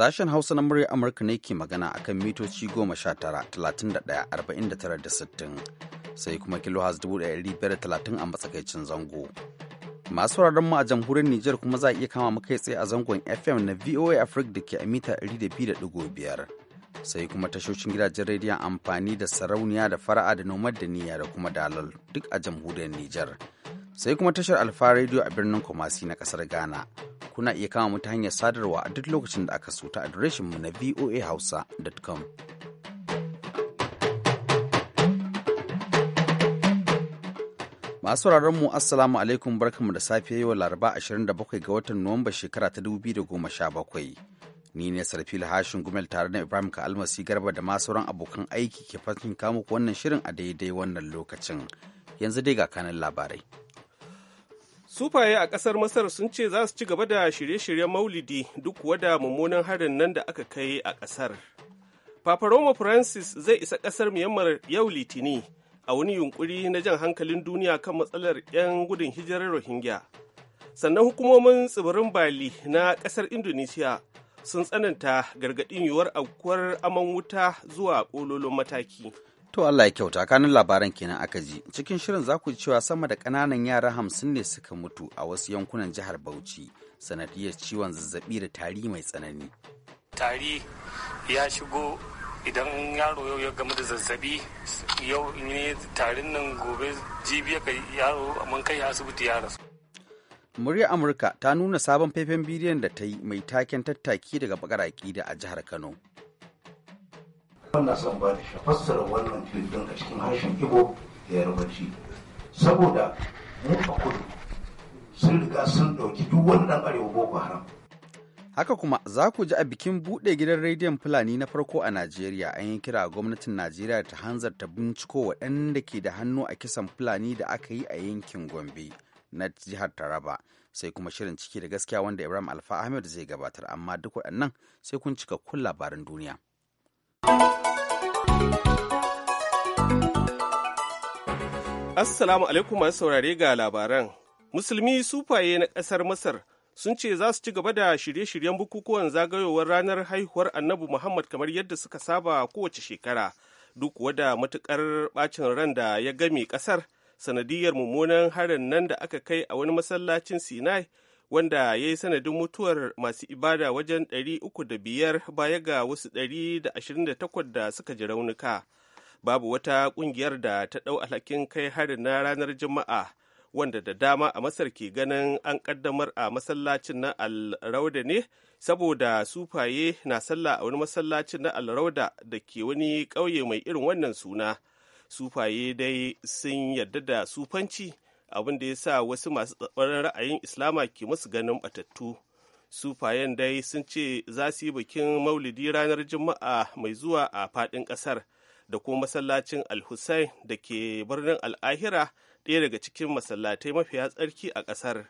Sashen Hausa na murya Amurka ne ke magana akan mitoci goma sha tara, talatin da daya arba'in da tara da sittin, sai kuma kilohaz dubu ɗaya ɗari biyar da talatin a matsakaicin zango. Masu sauraron mu a jamhuriyar niger kuma za a iya kama mu kai tsaye a zangon FM na VOA Africa da ke a mita ɗari da biyu da ɗigo biyar. sai kuma tashoshin gidajen rediyon amfani da sarauniya da fara'a da nomad da niyya da kuma dalal duk a jamhuriyar niger. sai kuma tashar alfa radio a birnin kumasi na kasar ghana kuna iya kama mu ta hanyar sadarwa a duk lokacin da aka so ta mu na hausa.com Masu mu Assalamu alaikum barkanmu da safe yau Laraba 27 ga watan Nuwamba shekara ta 2017. Ni ne Sarfil Hashin Gumel tare da Ibrahim ka almasi garba da ma sauran abokan aiki ke fatan kamu wannan shirin a daidai wannan lokacin. Yanzu dai ga kanan labarai. Sufaye a ƙasar Masar sun ce za su ci gaba da shirye-shiryen maulidi duk kuwa da mummunan harin nan da aka kai a ƙasar. Papa Roma Francis zai isa ƙasar Myanmar yau Litini a wani yunkuri na jan hankalin duniya kan matsalar 'yan gudun hijirar Rohingya. Sannan hukumomin tsibirin Bali na ƙasar Indonesia sun tsananta gargaɗin yiwuwar aukuwar aman wuta zuwa ƙololon mataki. To Allah ya kyauta kanin labaran kenan aka ji. Cikin shirin za ku ji cewa sama da ƙananan yara hamsin ne suka mutu a wasu yankunan jihar Bauchi sanadiyar ciwon zazzabi da tari mai tsanani. Tari ya shigo idan yaro yau ya gama da zazzabi yau ne tarin nan gobe jibi ka yaro mun kai asibiti ya rasu. Murya Amurka ta nuna sabon faifan bidiyon da ta yi mai taken tattaki daga bakar aƙida a jihar Kano. wannan son ba da fassara wannan filin a cikin harshen ibo da yarbanci saboda mu a kudu sun riga sun ɗauki duk wani ɗan arewa boko haram haka kuma za ku ji a bikin buɗe gidan rediyon fulani na farko a najeriya an yi kira gwamnatin najeriya ta hanzarta binciko waɗanda ke da hannu a kisan fulani da aka yi a yankin gombe na jihar taraba sai kuma shirin ciki da gaskiya wanda ibrahim alfa ahmed zai gabatar amma duk waɗannan sai kun cika kun labaran duniya. Assalamu alaikum masu saurare ga labaran. Musulmi sufaye na ƙasar Masar sun ce za su ci gaba da shirye-shiryen bukukuwan zagayowar ranar haihuwar Annabi Muhammad kamar yadda suka saba kowace shekara, duk wada matuƙar ɓacin ran da ya game ƙasar sanadiyar mummunan harin nan da aka kai a wani masallacin Sinai wanda ya yi sanadin mutuwar masu ibada wajen ɗari uku da biyar baya ga wasu 128 da suka ji raunuka. babu wata kungiyar da ta ɗau alhakin kai harin na ranar juma'a wanda da dama a masar ke ganin an ƙaddamar a masallacin na alrauda ne saboda sufaye na sallah a wani masallacin na alrauda da ke wani ƙauye mai irin wannan suna sufaye dai sun yarda da sufanci abin da ya sa wasu masu tsabarin ra'ayin islama ke musu ganin batattu sufayen dai sun ce za su yi bikin maulidi ranar juma'a mai zuwa a faɗin ƙasar da kuma masallacin al-hussein da ke birnin al'ahira ɗaya daga cikin masallatai mafiya tsarki a ƙasar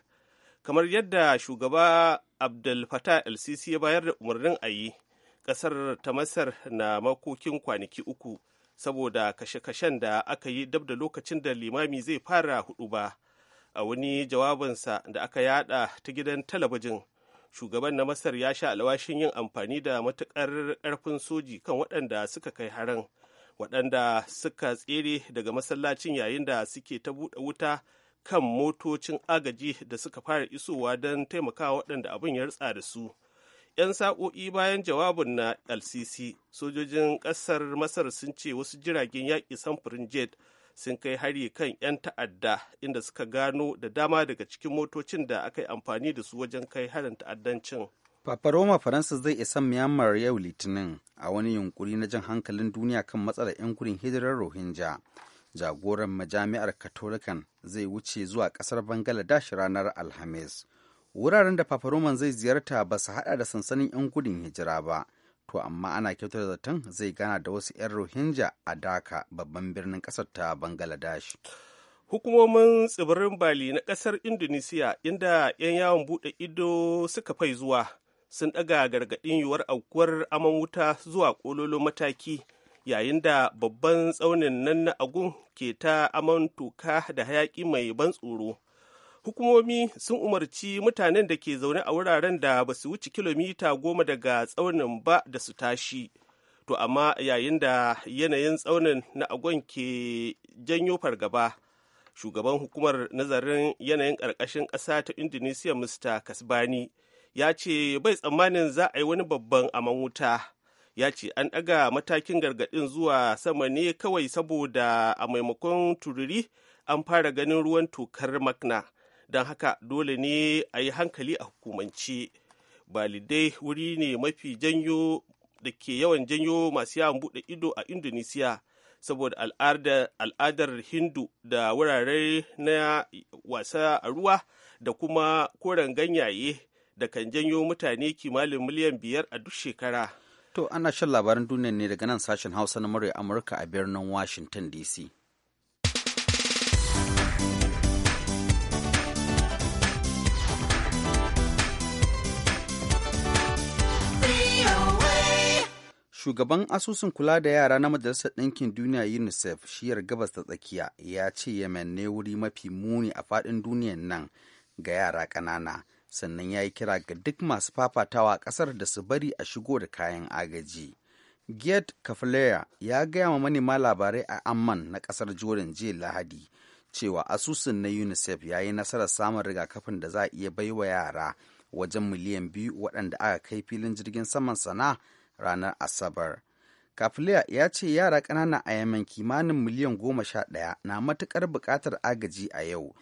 kamar yadda shugaba abdul fatah el-sisi ya bayar da umarnin a yi ƙasar ta masar na makokin kwanaki uku saboda kashe-kashen da aka yi dab da lokacin da limami zai fara hudu ba a wani jawabinsa da aka yada ta gidan talabijin shugaban na masar ya sha alwashin yin amfani da matukar ƙarfin soji kan waɗanda suka kai harin waɗanda suka tsere daga masallacin yayin da suke ta buɗe wuta kan motocin agaji da suka fara isowa don taimakawa waɗanda abin ya rutsa da su. 'Yan sa'o'i bayan jawabin na LCC, sojojin ƙasar Masar sun ce wasu jiragen yaƙi samfurin jet sun kai hari kan 'yan ta'adda inda suka gano da dama daga cikin motocin da aka yi amfani da su wajen kai harin ta'addancin. Paparoma Faransa zai isa Myanmar yau Litinin a wani yunkuri na jan hankalin duniya kan matsalar 'yan gudun hijirar Rohingya. Jagoran majami'ar Katolikan zai wuce zuwa ƙasar Bangladesh ranar Alhamis. Wuraren da Paparoman zai ziyarta ba su haɗa da sansanin 'yan gudun hijira ba, to amma ana kyautar zaton zai gana da wasu 'yan Rohingya a Dhaka babban birnin ƙasar ta Bangladesh. hukumomin tsibirin bali na ƙasar indonesiya inda 'yan yawon bude ido suka fai zuwa sun ɗaga gargaɗin yiwuwar aukuwar aman wuta zuwa ƙololo mataki yayin da babban tsaunin nan na agun ke ta aman toka da hayaƙi mai ban tsoro hukumomi sun umarci mutanen da ke zaune a wuraren da ba su wuce kilomita goma daga tsaunin ba da su tashi to amma yayin da yanayin tsaunin na agon ke janyo fargaba shugaban hukumar nazarin yanayin ƙarƙashin ƙasa ta indonesia mr kasbani ya ce bai tsammanin za a yi wani babban aman wuta ya ce an ɗaga matakin gargaɗin zuwa sama ne kawai saboda a maimakon tururi an fara ganin ruwan tokar makna don haka dole ne a yi hankali a hukumance balidai wuri ne mafi janyo da ke yawan janyo masu yawon buɗe ido a indonesia saboda al'adar hindu da wurare na wasa a ruwa da kuma koren ganyaye da kan janyo mutane kimanin miliyan biyar a duk shekara. To ana shan labaran duniya ne daga nan sashen Hausa na murya Amurka a birnin Washington DC. shugaban asusun kula da yara na majalisar ɗinkin duniya unicef shiyar gabas ta tsakiya ya ce yemen ne wuri mafi muni a faɗin duniyan nan ga yara ƙanana sannan ya yi kira ga duk masu fafatawa a ƙasar da su bari a shigo da kayan agaji. Giyat Kafleya ya gaya ma manema labarai a Amman na ƙasar Jordan jiya Lahadi cewa asusun na UNICEF ya yi nasarar samun rigakafin da za a iya baiwa yara wajen miliyan biyu waɗanda aka kai filin jirgin saman sana ranar Asabar. Kafleya ya ce yara ƙanana a Yemen kimanin miliyan goma sha ɗaya na matuƙar buƙatar agaji a yau.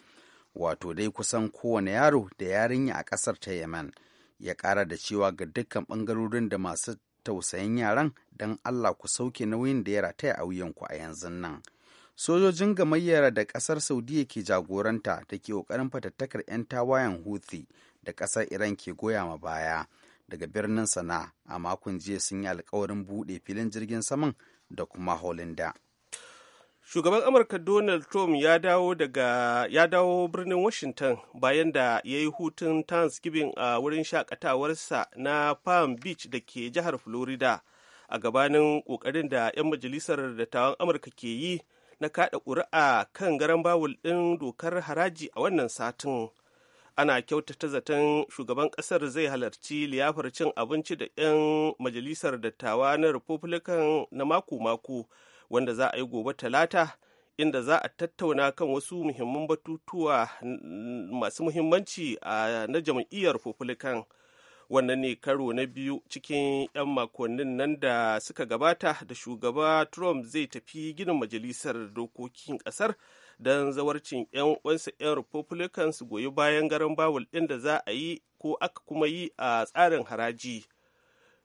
wato dai kusan kowane yaro da yarinya a ƙasar ta yemen ya ƙara da cewa ga dukkan ɓangarorin da masu tausayin yaran don allah ku sauke nauyin da ya rataya a wuyanku a yanzu nan sojojin gamayyar da ƙasar saudiya ke jagoranta da ke ƙoƙarin fatattakar 'yan tawayen houthi da ƙasar iran ke goya ma baya daga birnin sana'a a makon jiya sun yi alkawarin buɗe filin jirgin saman da kuma holinda. shugaban amurka donald trump ya dawo daga ya dawo birnin washington bayan da ya yi hutun thanksgiving a wurin shakatawarsa na palm beach da ke jihar florida a gabanin kokarin da 'yan majalisar dattawan amurka ke yi na kada ƙuri'a kan garan bawul ɗin dokar haraji a wannan satin ana kyautata zaton shugaban ƙasar zai halarci liyafar cin abinci da 'yan majalisar dattawa na republican na mako-mako wanda za a yi gobe talata inda za a tattauna kan wasu muhimman batutuwa masu muhimmanci a na jam'iyyar republican wannan ne karo na biyu cikin 'yan makonnin nan da suka gabata da shugaba trump zai tafi ginin majalisar dokokin kasar don zawarcin 'yan wansa 'yan republicans goyi bayan garin bawul ɗin da za a yi ko aka kuma yi a tsarin haraji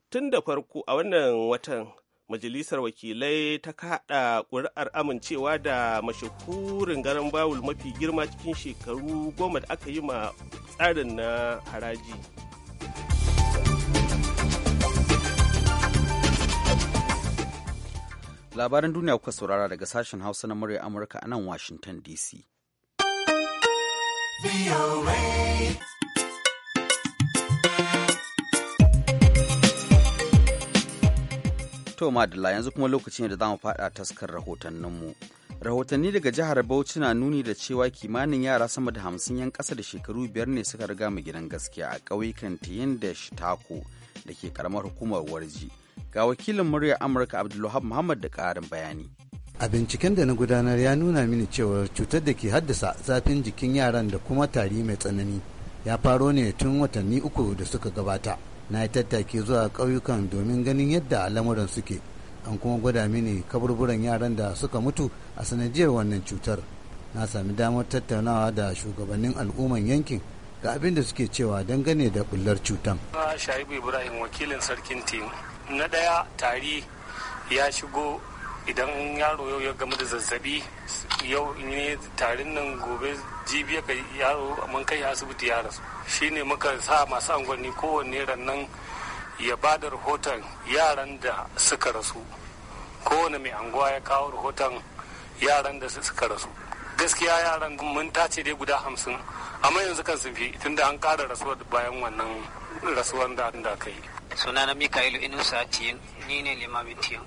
tun da farko a wannan watan majalisar wakilai ta kada ƙuri'ar amincewa da mashahurin garan bawul mafi girma cikin shekaru goma da aka yi ma tsarin na haraji labaran duniya kuka saurara daga sashen hausa na murya amurka a nan washington dc To Madalla yanzu kuma lokacin da za mu faɗa taskar rahotanninmu. Rahotanni daga jihar Bauchi na nuni da cewa kimanin yara sama da hamsin yan ƙasa da shekaru biyar ne suka riga mu gidan gaskiya a ƙauyukan Tiyin da Shitako da ke ƙaramar hukumar Warji. Ga wakilin murya Amurka Abdulwahab Muhammad da ƙarin bayani. a binciken da na gudanar ya nuna mini cewa cutar da ke haddasa zafin jikin yaran da kuma tari mai tsanani ya faro ne tun watanni uku da suka gabata na yi tattaki zuwa ƙauyukan domin ganin yadda lamuran suke an kuma gwada mini kaburburan yaran da suka mutu a sanadiyar wannan cutar na sami damar tattaunawa da shugabannin al'umman yankin ga abin da suke cewa dangane da bullar cutan. shaibu ibrahim wakilin sarkin tim na ɗaya tari ya shigo idan yaro yau ya gamu da zazzabi yau ne tarin nan gobe jibiya ka yaro mun kai asibiti ya rasu Shi ne muka sa masu angwani kowanne rannan ya ba da rahoton yaran da suka rasu kowane mai anguwa ya kawo rahoton yaran da suka rasu gaskiya yaran mun tace dai guda hamsin amma yanzu kan sun fi tunda an ƙara rasuwar bayan wannan rasuwar da aka yi sunana mika'ilu inusa tiyin ni ne limamin tiyin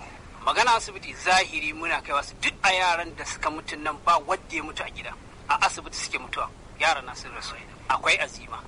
magana asibiti zahiri muna kai wasu duk a yaran da suka mutu nan ba wadda ya mutu a gida a asibiti suke mutuwa yara na sun rasu akwai azima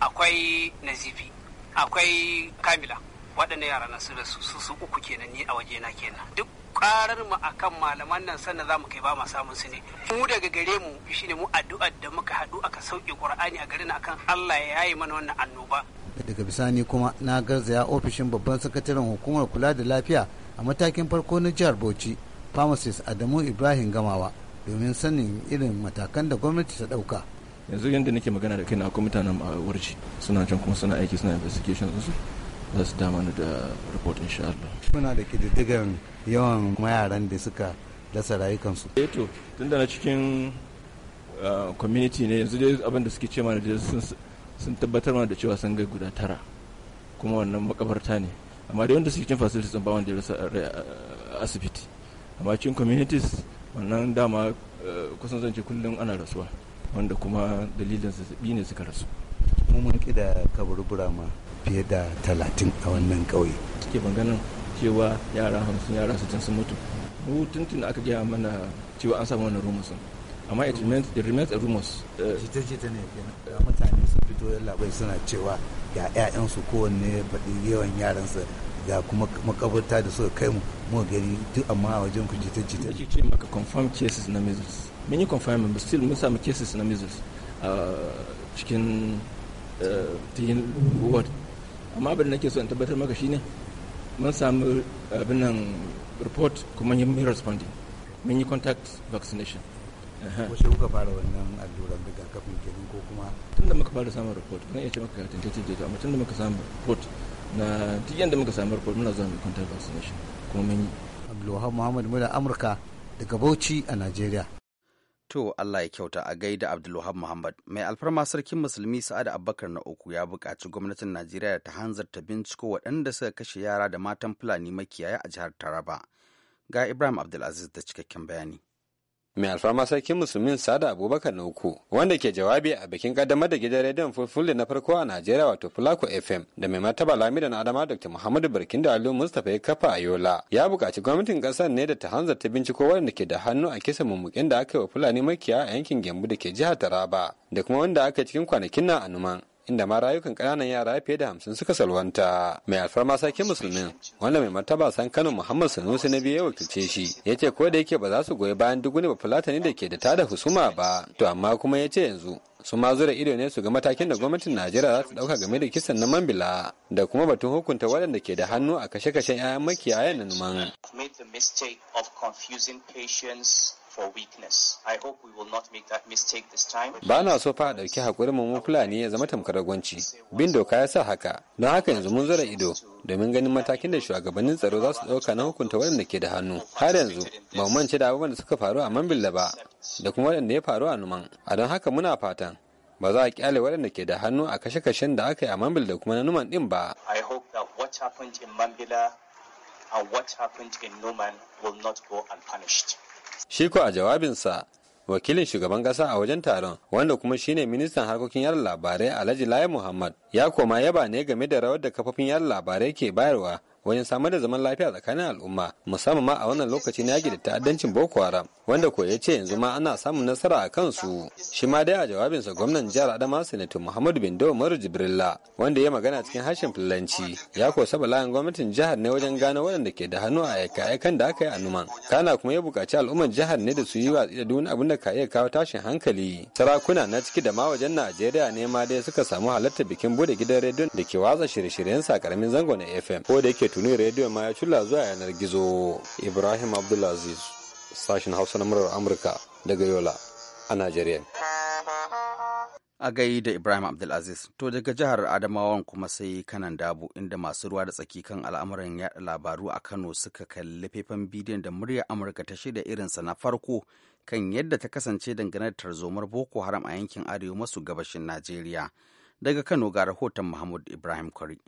akwai nazifi akwai kamila waɗannan yara na sun rasu su su uku kenan ni a waje na kenan duk karar mu akan malaman nan sannan za mu kai ba ma samun su ne mu daga gare mu shine mu addu'ar da muka haɗu aka sauke qur'ani a garin akan Allah ya yi mana wannan annoba daga bisani kuma na garzaya ofishin babban sakataren hukumar kula da lafiya a matakin farko na jihar bauchi pharmacist adamu ibrahim gamawa domin sanin irin matakan da gwamnati ta dauka yanzu yadda nake magana da kai na akwai mutanen a warji suna can kuma suna aiki suna investigation su za su dama ni da report insha Allah muna da kididdigan yawan mayaran da suka rasa rayukansu eh to tunda na cikin ah, community ne yanzu dai abin da suke ce mana sun tabbatar mana da cewa sun ga guda tara kuma wannan makabarta ne amma da wanda suke cin facilities ba wanda ya rasa eh, asibiti amma cikin communities wannan dama eh, kusan zance kullum ana rasuwa wanda kuma dalilin zazzabi ne suka rasu mun mun da kaburbura ma fiye da talatin a wannan ƙauye suke maganin cewa yara hamsin yara sittin sun mutu mu tuntun aka gaya mana cewa an samu wannan rumusun amma it remains it remains a rumors eh, jita-jita ne eh, mutane sun fito labai suna cewa ya ƴaƴansu kowanne baɗi yawan yaransa ga kuma makabarta da suka kai mu mu gani duk amma a wajen ku jita-jita ake ce maka confirm cases na measles mun yi confirm but still mun samu cases na measles a cikin tiyin eh, ward amma abin da nake so in tabbatar maka shine mun samu abin nan report kuma mun yi responding mun yi contact vaccination wasu uh-huh. kuka fara wannan alluran rigakafin kenan ko kuma tun da muka fara samun report kuma iya ce maka tentative data amma tun da muka samun report na duk da muka samun report muna zuwa mai kwantar vaccination kuma mun yi Abdulwahab Muhammad muna Amurka daga Bauchi a nigeria. To Allah ya kyauta a gaida Abdulwahab Muhammad mai alfarma sarkin musulmi Sa'ad Abubakar na uku ya buƙaci gwamnatin Najeriya ta hanzarta binciko waɗanda suka kashe yara da matan Fulani makiyaya a jihar Taraba. Ga Ibrahim Abdulaziz da cikakken bayani. mai alfarma sarkin musulmin sada abubakar na uku wanda ke jawabi a bikin kaddamar da gidan rediyon fulfulde na farko a najeriya wato fulako fm da mai martaba na adama dr muhammadu barkin da alu mustapha ya kafa a yola ya buƙaci gwamnatin ƙasar ne da ta hanzarta binciko waɗanda ke da hannu a kisa mummukin da aka yi wa fulani makiya a yankin gembu da ke jihar taraba da kuma wanda aka cikin kwanakin na a numan inda ma rayukan ƙananan yara fiye da hamsin suka salwanta mai alfarma sarkin musulmin wanda mai martaba san kano muhammad sanusi na biyu wakilce shi ya ce ko da yake ba za su goyi bayan duk wani bafulatani da ke da tada husuma ba to amma kuma ya ce yanzu su ma zura ido ne su ga matakin da gwamnatin najeriya za ta ɗauka game da kisan na mambila da kuma batun hukunta waɗanda ke da hannu a kashe-kashen 'ya'yan makiyaya na man. for weakness. I hope we will not make that mistake this time. Ba na so fa a ɗauki haƙurin mu Fulani ya zama tamkar gwanci. Bin doka ya sa haka. Don haka yanzu mun zura ido domin ganin matakin da shugabannin tsaro za su ɗauka na hukunta waɗanda ke da hannu. Har yanzu ba mu mance da abubuwan da suka faru a Mambilla ba da kuma waɗanda ya faru a Numan. A don haka muna fatan ba za a kyale waɗanda ke da hannu a kashe-kashen da aka yi a Mambila da kuma na Numan ɗin ba. I hope that what in and what happened in Numan will not go unpunished. Shi ko a jawabinsa wakilin shugaban kasa a wajen taron wanda kuma shine ministan harkokin yar labarai Alhaji Lai Muhammad ya koma yaba ne game da rawar da kafofin yar labarai ke bayarwa wajen samar da zaman lafiya tsakanin al'umma musamman ma a wannan lokaci na yaki da ta'addancin boko haram wanda ko ya ce yanzu ma ana samun nasara a kansu shi ma dai a jawabinsa gwamnan jihar adama sanato muhammadu bin dawo maru jibrilla wanda ya magana cikin harshen filanci. ya ko saba layin gwamnatin jihar ne wajen gano waɗanda ke da hannu a aika-aikan da aka yi a numan kana kuma ya buƙaci al'ummar jihar ne da su yi watsi da duk abin da ka iya kawo tashin hankali sarakuna na ciki da ma wajen najeriya ne ma dai suka samu halartar bikin bude gidan rediyon da ke watsa shirye-shiryensa a karamin zango na fm ko da yake tuni rediyon ma ya culla zuwa yanar gizo ibrahim abdulaziz sashen hausa na murar amurka daga yola a nigeria. a gai da ibrahim abdulaziz to daga jihar adamawan kuma sai kanan dabu inda masu ruwa da tsaki kan al'amuran yada labaru a kano suka kalli faifan bidiyon da muryar amurka ta shirya irinsa na farko kan yadda ta kasance dangane da tarzomar boko haram a yankin arewa masu gabashin najeriya daga kano ga rahoton mahmud ibrahim kwari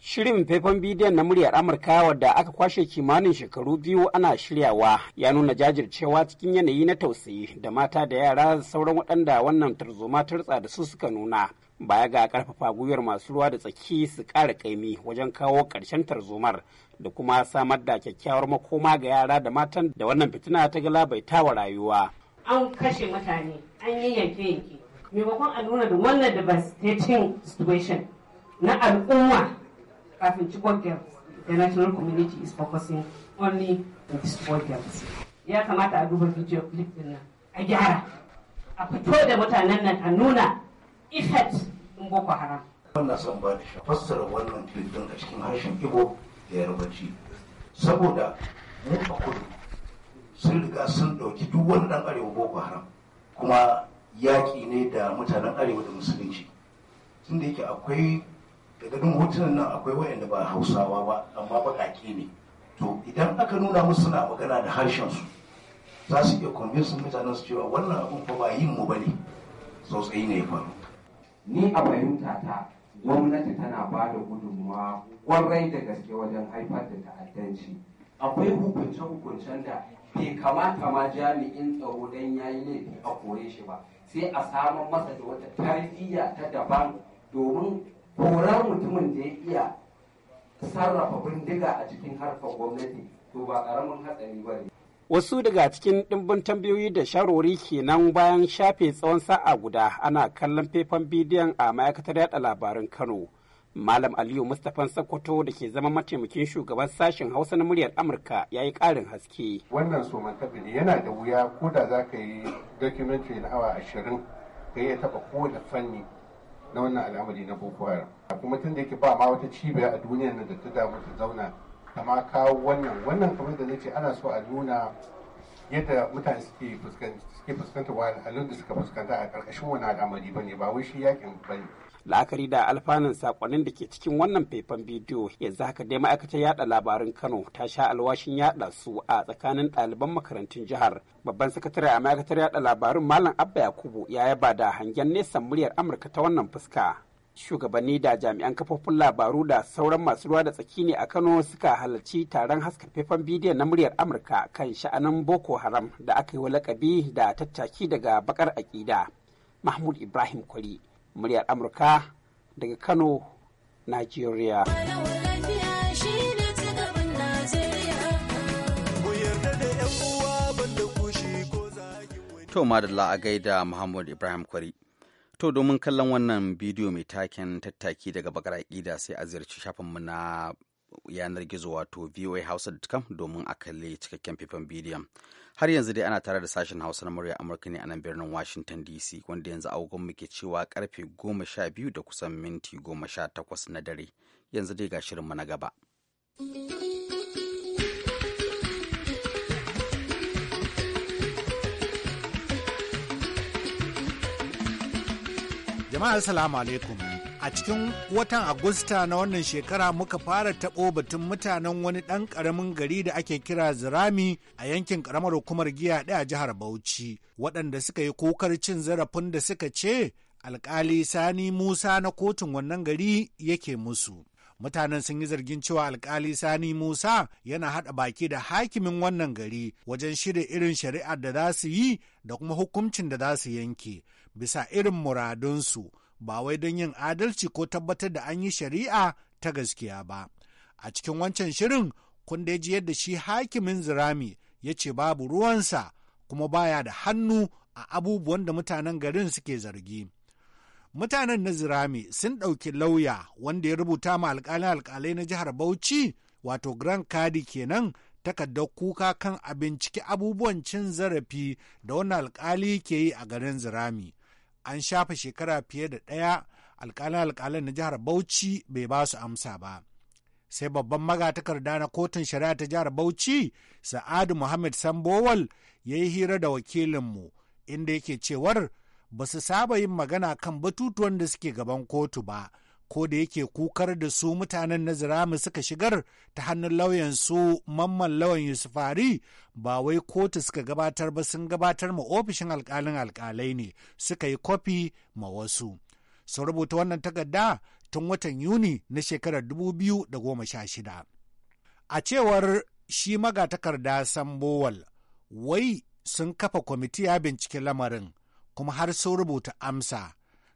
Shirin faifan bidiyon na muryar Amurka wadda aka kwashe kimanin shekaru biyu ana shiryawa ya nuna jajircewa cikin yanayi na tausayi da mata da yara da sauran waɗanda wannan tarzoma tartsa da su suka nuna. Baya ga ƙarfafa gwiwar masu ruwa da tsaki su ƙara kaimi wajen kawo ƙarshen tarzomar da kuma samar da kyakkyawar makoma ga yara da matan da wannan fitina ta galabaita wa rayuwa. An kashe mutane, an yi yanke-yanke. Maimakon a nuna da wannan da ba situation na al'umma kafin Chibok Girls, the national community is focusing only on the Chibok Girls. Ya kamata a duba video clip din nan, a gyara, a fito da mutanen nan a nuna effect in Boko Haram. Wannan son ba da fassara wannan clip din a cikin harshen Igbo da Yarbanci. Saboda mu a kudu sun riga sun ɗauki duk wani ɗan arewa Boko Haram kuma yaƙi ne da mutanen arewa da musulunci. Tunda yake akwai daga dun hotunan nan akwai wayanda ba hausawa ba amma baƙaƙe ne to idan aka nuna musu suna magana da harshen su za su iya convince mutanen su cewa wannan abun fa ba yin mu bane sosai ne ya faru ni a fahimta ta gwamnati tana ba da gudunmawa kwarai da gaske wajen haifar da ta'addanci akwai hukunce-hukuncen da bai kamata ma jami'in tsaro dan yi laifi a kore shi ba sai a samar masa da wata tarbiyya ta daban domin kora mutumin da ya iya sarrafa bindiga a cikin harkar gwamnati to ba karamin hatsari ba ne. Wasu daga cikin ɗimbin tambayoyi da sharori kenan bayan shafe tsawon sa'a guda ana kallon faifan bidiyon a ma'aikatar yada labarin Kano. Malam Aliyu Mustapha Sokoto da ke zama mataimakin shugaban sashen Hausa na muryar Amurka ya yi ƙarin haske. Wannan somantabi ne yana da wuya ko da za ka yi documentary na awa ashirin ka taba taɓa kowane fanni na wannan al'amari na boko haram kuma tun da yake ba ma wata cibiya a duniyar nan da ta damu ta zauna ta ma wannan wannan kamar da nace ana so a nuna yadda mutane suke fuskanta wahalhalun da suka fuskanta a ƙarƙashin wani al'amari ba ne ba wai shi yakin ba ne la'akari da alfanun sakonnin da ke cikin wannan faifan bidiyo yanzu haka dai ma'aikatar yada labarin kano ta sha alwashin yada su a tsakanin ɗaliban makarantun jihar babban sakatare a ma'aikatar yada labarin malam abba yakubu ya yaba da hangen nesa muryar amurka ta wannan fuska shugabanni da jami'an kafofin labaru da sauran masu ruwa da tsaki ne a kano suka halarci taron haska faifan bidiyon na muryar amurka kan sha'anin boko haram da aka yi wa lakabi da tattaki daga bakar aƙida mahmud ibrahim kwari muryar amurka daga kano nigeria to madalla a gaida muhammad ibrahim kwari to domin kallon wannan bidiyo mai taken tattaki daga bakar aƙida sai a ziyarci shafinmu na yanar gizo wato voahausa.com domin a kalli cikakken faifan bidiyon har yanzu dai ana tare da sashen hausa na murya amurka ne a nan birnin washington dc wanda yanzu agogon muke cewa karfe goma sha biyu da kusan minti goma sha takwas na dare yanzu dai ga shirinmu na gaba jama'a assalamu alaikum a cikin watan agusta na wannan shekara muka fara taɓo batun mutanen wani ɗan ƙaramin gari da ake kira zirami a yankin ƙaramar hukumar giya ɗaya jihar bauchi waɗanda suka yi kokar cin zarafin da suka ce Alƙali sani musa na kotun wannan gari yake musu mutanen sun yi zargin cewa alkali sani musa yana haɗa baki da hakimin wannan gari wajen shirya irin shari'ar da za su yi da kuma hukuncin da za su yanke bisa irin muradunsu ba wai don yin adalci ko tabbatar da an yi shari'a ta gaskiya ba. A cikin wancan shirin kun da ji yadda shi hakimin zirami ya ce babu ruwansa kuma baya da hannu a abubuwan da mutanen garin suke zargi. Mutanen na zirami sun ɗauki lauya wanda ya rubuta ma alƙalin alƙalai na jihar Bauchi wato Grand Kadi kenan takardar kuka kan a binciki abubuwan cin zarafi da wani alƙali ke yi a garin zirami an shafa shekara fiye da ɗaya alƙalin-alƙalin na jihar bauchi bai ba su amsa ba sai babban magatakarda na kotun shari'a ta jihar bauchi sa'adu muhammad sambowal ya yi hira da wakilinmu inda yake cewar ba su saba yin magana kan batutuwan da suke gaban kotu ba ko da yake kukar da su mutanen na suka shigar ta hannun lauyan su mamman lawan yusufari ba wai kotu suka gabatar ba sun gabatar ma ofishin alkalin alkalai ne suka yi kofi ma wasu Sun rubuta wannan takarda tun watan yuni na shekarar 2016 a cewar shi magatakarda sambowal wai sun kafa kwamiti ya bincike lamarin kuma har sun rubuta amsa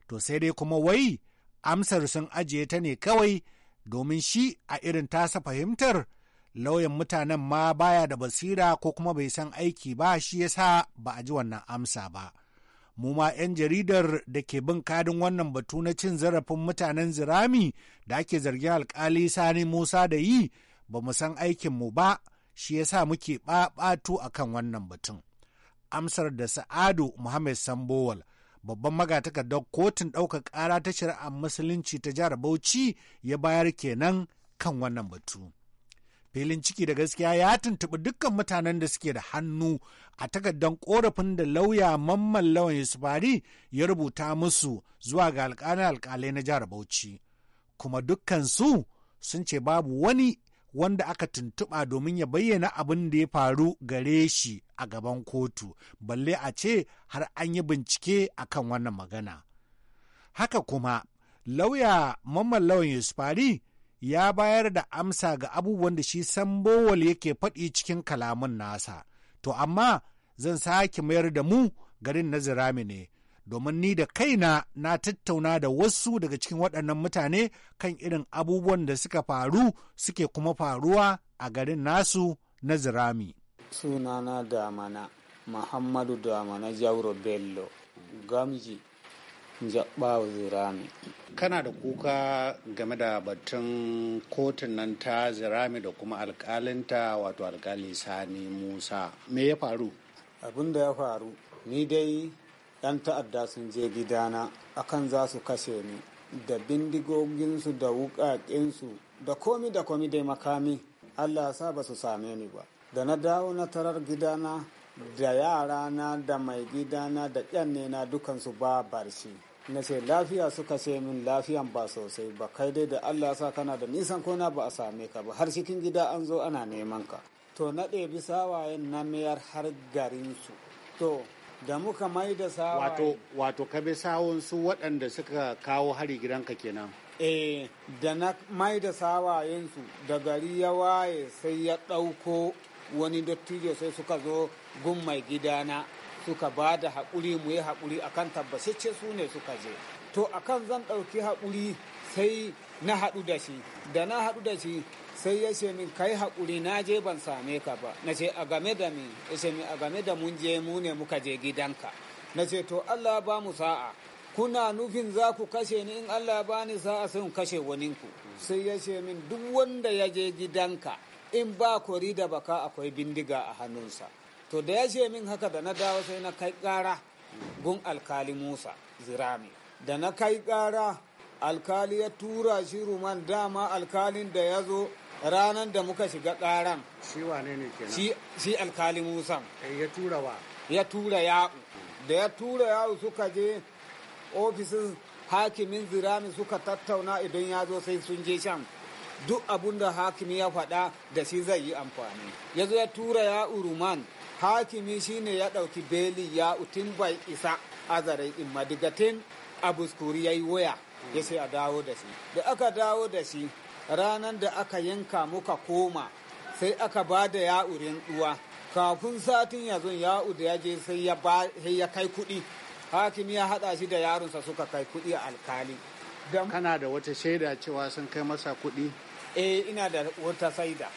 to sai dai kuma wai amsar sun ajiye ta ne kawai domin shi a irin tasa fahimtar lauyan mutanen ma baya da basira ko kuma bai san aiki ba shi yasa ba a ji wannan amsa ba. mu ma 'yan jaridar da ke bin kadin wannan batu na cin zarafin mutanen zirami da ake zargin alkali sani musa da yi ba mu san aikin mu ba shi yasa muke ɓaɓatu a kan wannan batun amsar da sa'adu muhammad sambowal babban magatakardar kotun ɗaukar ƙara ta shari'ar musulunci ta jihar Bauchi ya bayar kenan kan wannan batu. Filin ciki da gaskiya ya tuntuɓi dukkan mutanen da suke da hannu a takardar ƙorafin da lauya mamman lawan Yusufari ya rubuta musu zuwa ga alƙalai alƙalai na jihar Bauchi. Kuma dukkan su sun ce babu wani wanda aka tuntuɓa domin ya bayyana abin da ya faru gare shi a gaban kotu balle a ce har an yi bincike a kan wannan magana haka kuma lauya mamman lawan yusufari ya bayar da amsa ga abubuwan da shi sambowal yake faɗi cikin kalamun nasa to amma zan sake mayar da mu garin na zirami ne domin ni da kaina na tattauna da wasu daga cikin waɗannan mutane kan irin abubuwan da suka faru suke kuma faruwa a garin nasu na zirami. Sunana Damana Muhammadu Damana Jauro Bello Gamji jaɓawa zirami. Kana da kuka game da batun kotun nan ta zirami da kuma alkalinta wato alkali Sani Musa. Me ya faru? Abin da ya faru, ni dai 'yan ta'adda sun je gidana akan za su kashe ni da bindigoginsu da wukaƙinsu da komi da komi dai makami allah sa ba su same ni ba da na dawo na tarar gidana da yarana da mai gidana da na dukansu ba barci na ce lafiya suka ce min lafiyan ba sosai ba kai dai da allah sa kana da nisan kona ba a same ka ba har cikin gida an zo ana neman ka to na ɗebi sawayen na mayar har garinsu to da muka mai da sawa wato ka bi sawun su waɗanda suka kawo hari gidanka kenan eh da na mai da sawayensu da gari ya waye sai ya ɗauko wani dattijo sai suka zo gun mai gidana suka ba da haƙuri mu yi haƙuri akan tabbasace su ne suka je to akan zan ɗauki haƙuri sai na haɗu da shi da na haɗu da shi sai ya ce min kai haƙuri na je ban same ka ba na ce a game da mi ya ce min a game da mun je mu ne muka je gidanka na ce to Allah ba mu sa'a kuna nufin za ku kashe ni in Allah ba ni sa'a sai kashe waninku sai ya ce min duk wanda ya je gidanka in ba kori da baka akwai bindiga a hannunsa to da ya ce min haka da na dawo sai na kai ƙara gun alkali Musa zirami da na kai ƙara alkali ya tura shi ruman dama alkalin da ya zo ranar da muka shiga ƙaran shi wane ne kenan shi alkali musa eh, ya tura wa ya tura ya. da ya tura ya'u suka je ofisin hakimin zirami suka tattauna idan ya zo sai sun je shan duk abun da hakimi ya faɗa da shi zai yi amfani ya zo ya tura ya'u ruman hakimi shine ya ɗauki beli ya'u tun bai isa azarai in madigatin abuskuri ya yi waya ya sai a dawo da shi da aka dawo da shi ranar da aka yanka muka koma sai aka ba da ya'urin ɗuwa kafin satin ya zon ya'u da ya je sai ya kai kuɗi hakimi ya haɗa shi da yarinsa suka kai kuɗi a alkali kana da wata shaida cewa sun kai masa kuɗi eh ina da wata saida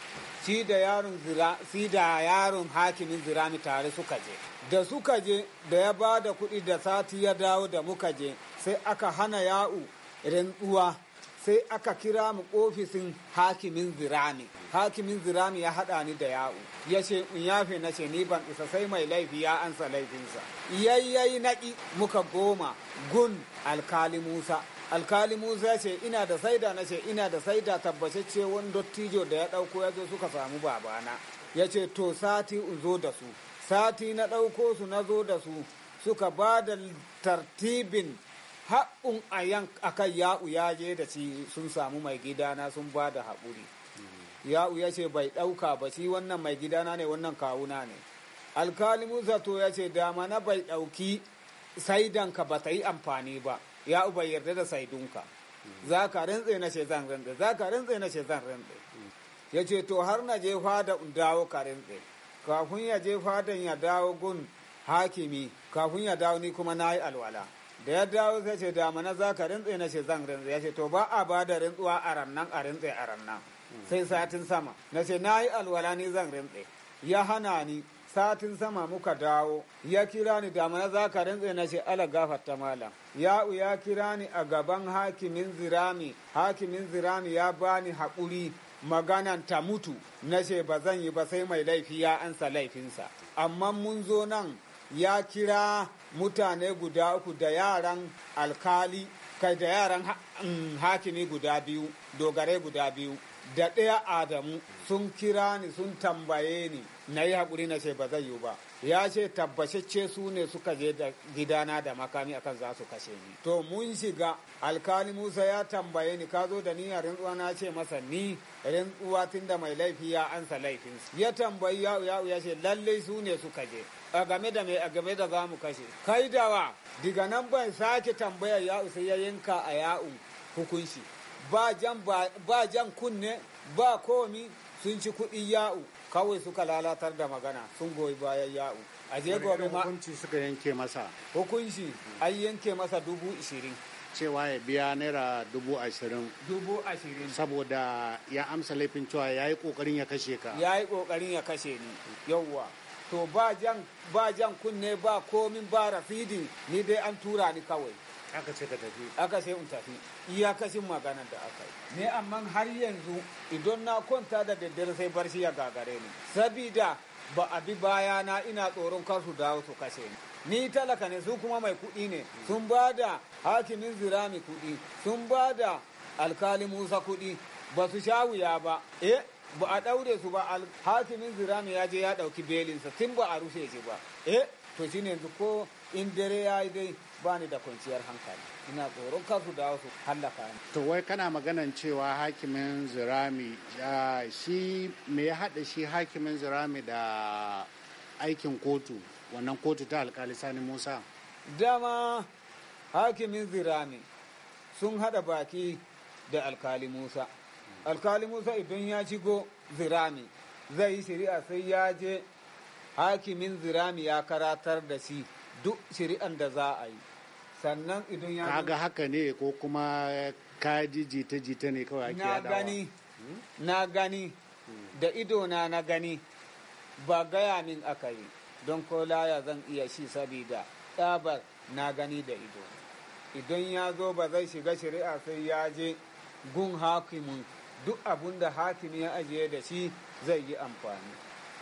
shi da yaron zira shi da yaron hakimin zirani tare suka je da suka je da ya ba da kuɗi da sati ya dawo da muka je sai aka hana ya'u rantsuwa sai aka kira mu ofisin hakimin zirami hakimin zirami ya haɗa ni da yawo ya ce in yafe na ce ni ban isa sai mai laifi ya ansa laifinsa yayyayi naƙi muka goma gun alkali musa alkali musa ce ina da saida na ce ina da saida tabbatacce wani dottijo da ya ɗauko ya zo suka samu babana ya ce to sati in zo da su sati na ɗauko su na zo da su suka ba da tartibin haƙun a kan ya'u ya je da shi sun samu mai gidana sun ba da haƙuri ya'u ya ce bai ɗauka ba shi wannan mai gidana ne wannan kawuna ne alkali to ya ce dama na bai ɗauki saidanka ba ta yi amfani ba ya'u bai yarda da saidunka za ka rintse na ce zan rintse za ka rintse na ce zan rintse ya ce to har na je fada in dawo ka rintse kafin ya je fadan ya dawo gun hakimi kafin ya dawo ni kuma na yi alwala da ya dawo sai ce da mana za ka rintse na ce zan rintse ya ce to ba a ba da rintsuwa a rannan a rintse a rannan sai satin sama na ce na yi alwala ni zan rintse ya hana ni satin sama muka dawo ya kira ni da mana za ka rintse na ce ala ta malam ya'u ya kira ni a gaban hakimin zirami hakimin zirami ya bani haƙuri maganan ta mutu na ce ba zan yi ba sai mai laifi ya ansa laifinsa amma mun zo nan ya kira mutane guda uku da yaran alkali kai da yaran mm, hakimi guda biyu dogare guda biyu da ɗaya adamu sun kira ni sun tambaye ni na yi haƙuri na ce ba zai yiwu ba ya ce tabbacecce su ne suka je da gidana da makami akan za su kashe ni to mun shiga alkali musa ya tambaye ni ka zo da niyyar rintsuwa na ce masa ni rintsuwa tun da mai laifi ya ansa laifin ya tambayi ya ya ce lallai su ne suka je a game da mai a game da za mu kashe kai da wa diga nan ban sake tambayar ya sai ya yanka a ya'u hukunci ba jan ba jan kunne ba komi sun ci kuɗi ya'u kawai suka lalatar da magana sun goyi bayan ya'u a je gobe ma hukunci suka yanke masa hukunci an yanke masa dubu ishirin cewa ya biya naira dubu ashirin. Dubu ashirin. Saboda ya amsa laifin cewa ya yi ƙoƙarin ya kashe ka. Ya yi ƙoƙarin ya kashe ni, yauwa. to ba jan kunne ba komin ba rafidin ni dai an tura ni kawai aka ce ka tafi aka ce in tafi iyakacin maganar da aka yi ne amma har yanzu idan na kwanta da daddare sai barci ya gagare ni sabida ba a bi bayana ina tsoron kar su dawo su kashe ni ni talaka ne su kuma mai kuɗi ne sun ba da hakimin zirami kuɗi sun ba da alkali musa kuɗi ba su sha wuya ba eh ba a daure su ba hakimin zirami ya je ya dauki belinsa tun ba a rufe shi ba eh to shine yanzu ko in dare ya yi dai ba ni da kwanciyar hankali ina tsoron kasu dawo su hallaka ni. to wai kana maganan cewa hakimin zirami ya shi me ya haɗa shi hakimin zirami da aikin kotu wannan kotu ta alkali sani musa dama hakimin zirami sun haɗa baki da alkali musa alkali musa idan ya shigo zirami zai yi shari'a sai ya je hakimin zirami ya karatar da shi duk shari'an da za a yi sannan idan ya kaga haka ne ko kuma ji jita-jita ne kawai ake na hmm? na gani hmm. da idona na gani ba gaya min aka yi don ko laya zan iya shi sabida tsabar na gani da ido idan ya zo ba zai shiga shari'a sai ya je gun hakimin duk abun da hakimi ya ajiye da shi zai yi amfani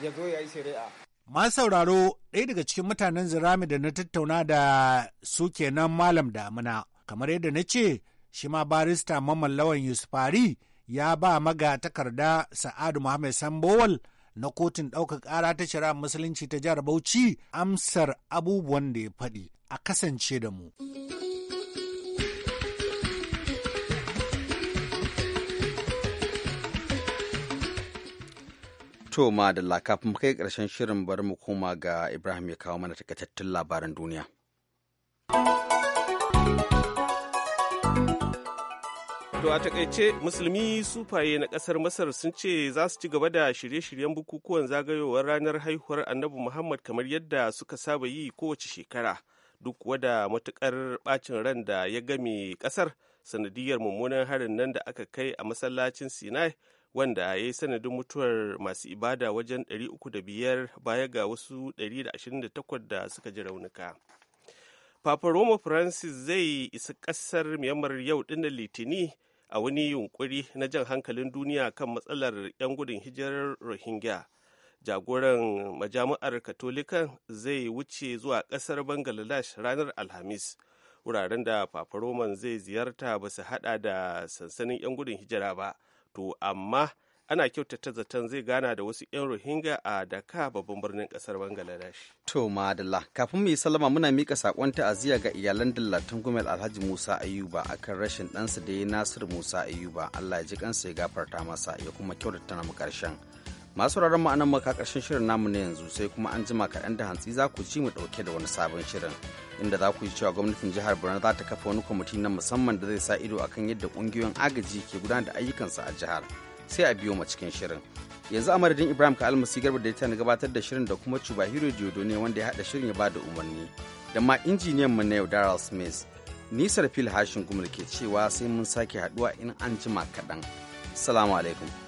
ya zo ya yi shari'a. Ma sauraro ɗaya daga cikin mutanen zirami da na tattauna da su kenan malam damina kamar yadda na ce shi ma barista mamallawan yusufari ya ba maga takarda sa'adu muhammad sambowal na kotun ɗaukar ƙara ta shari'a musulunci ta jihar bauchi amsar abubuwan da ya faɗi a kasance da mu. To madalla kafin kai karshen shirin bari mu koma ga Ibrahim ya kawo mana takaitattun labaran duniya. To a takaice musulmi sufaye na ƙasar Masar sun ce za su ci gaba da shirye-shiryen bukukuwan zagayowar ranar haihuwar Annabi Muhammad kamar yadda suka saba yi kowace shekara duk wada matukar bacin ran da ya game ƙasar sanadiyar mummunan harin nan da aka kai a masallacin Sinai wanda ya yi sanadin mutuwar masu ibada wajen 305 baya ga wasu 128 da suka ji raunuka. Papa Roma Francis zai isa ƙasar Myanmar yau dinnan Litini a wani yunƙuri na jan hankalin duniya kan matsalar 'yan gudun hijirar Rohingya. Jagoran majami'ar katolika zai wuce zuwa ƙasar Bangladesh ranar Alhamis. Wuraren da Papa Roman zai ziyarta ba su hada da sansanin 'yan gudun hijira ba, to amma ana kyautata zaton zai gana da wasu 'yan rohingya a daka babban birnin kasar bangaladesh to madalla kafin mu yi salama muna mika sakon ta'aziyya ga iyalan tun gumel alhaji musa ayuba akan rashin ɗansa da ya nasiru musa ayuba allah ya ji kansa ya gafarta masa ya kuma kyautata na mu karshen masu rarar ma'anar maka karshen shirin namu na yanzu sai kuma an jima kaɗan da hantsi za ku ci mu ɗauke da wani sabon shirin inda za ku ji cewa gwamnatin jihar Borno za ta kafa wani kwamiti na musamman da zai sa ido akan yadda ƙungiyoyin agaji ke gudanar da ayyukansu a jihar sai a biyo mu cikin shirin yanzu a madadin Ibrahim ka almasi garba da ya gabatar da shirin da kuma hero Jodo ne wanda ya haɗa shirin ya bada umarni da ma injiniyan mu na yau Daryl Smith nisar fil hashin gumul ke cewa sai mun sake haɗuwa in an jima kaɗan salamu alaikum